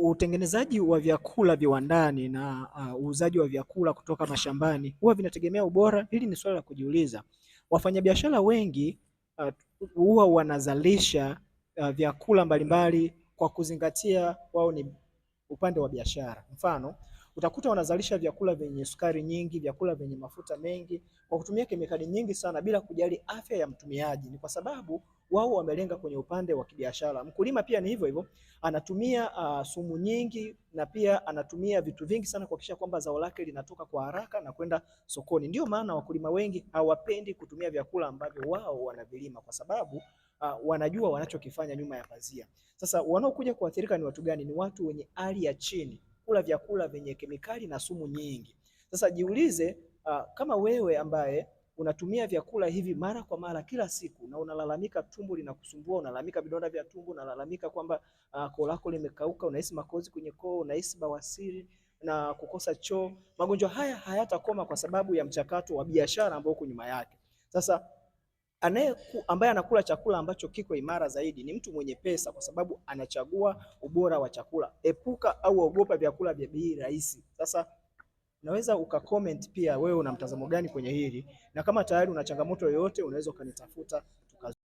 Utengenezaji wa vyakula viwandani na uh, uuzaji uh, wa vyakula kutoka mashambani huwa vinategemea ubora. Hili ni swala la kujiuliza. Wafanyabiashara wengi uh, huwa uh, wanazalisha uh, vyakula mbalimbali kwa kuzingatia wao ni upande wa biashara. Mfano, utakuta wanazalisha vyakula vyenye sukari nyingi, vyakula vyenye mafuta mengi, kwa kutumia kemikali nyingi sana bila kujali afya ya mtumiaji. Ni kwa sababu wao wamelenga kwenye upande wa kibiashara. Mkulima pia ni hivyo hivyo, anatumia uh, sumu nyingi na pia anatumia vitu vingi sana kuhakikisha kwamba zao lake linatoka kwa haraka na kwenda sokoni. Ndio maana wakulima wengi hawapendi kutumia vyakula ambavyo wao wanavilima kwa sababu Uh, wanajua wanachokifanya nyuma ya pazia. Sasa wanaokuja kuathirika ni watu gani? Ni watu wenye hali ya chini, kula vyakula vyenye kemikali na sumu nyingi. Sasa jiulize, uh, kama wewe ambaye unatumia vyakula hivi mara kwa mara kila siku, na unalalamika tumbo linakusumbua, unalalamika vidonda vya tumbo, unalalamika kwamba uh, koo lako limekauka, unahisi makozi kwenye koo, unahisi bawasiri na kukosa choo, magonjwa haya hayatakoma kwa sababu ya mchakato wa biashara ambao uko nyuma yake. Sasa anaye ambaye anakula chakula ambacho kiko imara zaidi ni mtu mwenye pesa, kwa sababu anachagua ubora wa chakula. Epuka au ogopa vyakula vya bei rahisi. Sasa Unaweza ukacomment pia wewe una mtazamo gani kwenye hili, na kama tayari una changamoto yoyote unaweza ukanitafuta.